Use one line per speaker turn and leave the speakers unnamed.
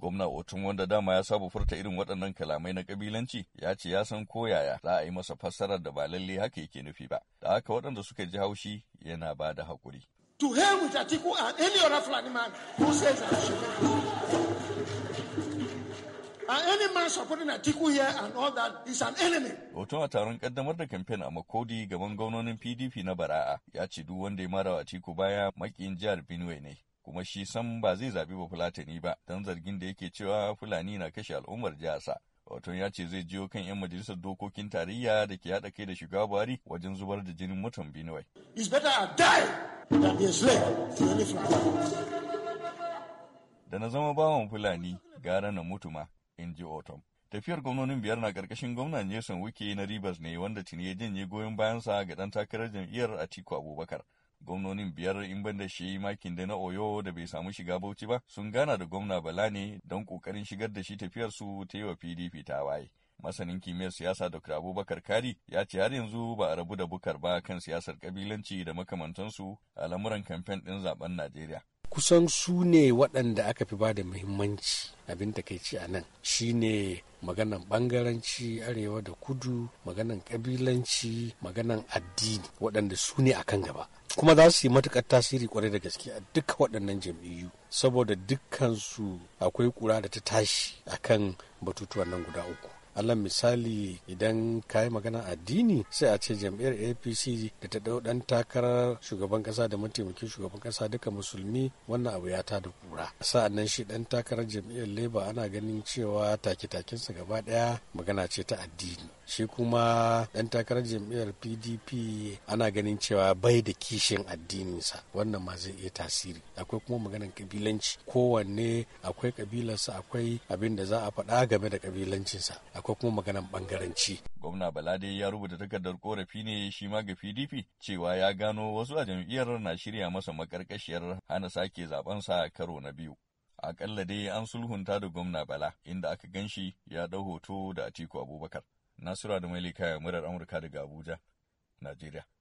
Gwamna Otun wanda dama ya saba furta irin waɗannan kalamai na kabilanci ya ce ya san koyaya za a yi masa fassarar da ba lalle haka yake nufi ba. Da haka waɗanda suka ji haushi yana ba da haƙuri.
To with an any other Fulani man who says that she And any man supporting Atiku here and all that is an enemy.
Hoton a taron kaddamar da kamfen a Makodi gaban gwamnonin PDP na Bara'a ya ce duk wanda ya mara Atiku baya makiyin jihar Benue ne. kuma shi sam ba zai zaɓi ba Fulatani ba don zargin da yake cewa Fulani na kashe al'ummar jiharsa. Wato ya ce zai jiyo kan 'yan majalisar dokokin tarayya da ke haɗa kai da shugaba Buhari wajen zubar da jinin mutum Benue. It's Da na zama bawan Fulani gara na mutu ma, in ji Otom. Tafiyar gwamnonin biyar na ƙarƙashin gwamnan Jason Wike na Rivers ne wanda tuni ya janye goyon bayansa ga ɗan takarar jam'iyyar Atiku Abubakar. gwamnonin biyar in banda shi makin da na oyo da bai samu shiga bauchi ba sun gana da gwamna bala ne don kokarin shigar da shi tafiyar su ta yi wa pdp ta waye masanin kimiyyar siyasa dr abubakar kari ya ce har yanzu ba a rabu da bukar ba kan siyasar kabilanci da makamantansu a lamuran kamfen ɗin zaben najeriya
kusan su ne waɗanda aka fi ba da muhimmanci abin da kai ci a nan shine maganan bangaranci arewa da kudu maganan ƙabilanci maganan addini waɗanda su ne a kan gaba kuma za su yi matukar tasiri kwarai da gaske a duka waɗannan jam'iyyu saboda dukkansu akwai ƙura da ta tashi akan batutuwan nan guda uku alal misali idan ka yi magana addini sai a ce jam'iyyar apc da ta ɗau dan takarar shugaban ƙasa da mataimakin shugaban ƙasa duka musulmi wannan abu ya ta da kura sa'an nan shi dan takarar jam'iyyar labour ana ganin cewa take-takensa gaba ɗaya magana ce ta addini shi kuma dan takarar jam'iyyar pdp ana ganin cewa bai da kishin addininsa wannan ma zai iya tasiri akwai kuma maganar kabilanci kowanne akwai kabilarsa akwai abin da za a faɗa game da kabilancinsa ko kuma maganan bangaranci.
Gwamna Balade ya rubuta takardar korafi ne shi ma ga PDP cewa ya gano wasu a jam'iyyar na shirya masa makarkashiyar hana sake zabensa karo na biyu. Akalla dai an sulhunta da gwamna Bala inda aka ganshi ya ɗau hoto da Atiku Abubakar. Nasura da Malika murar Amurka daga Abuja, Najeriya.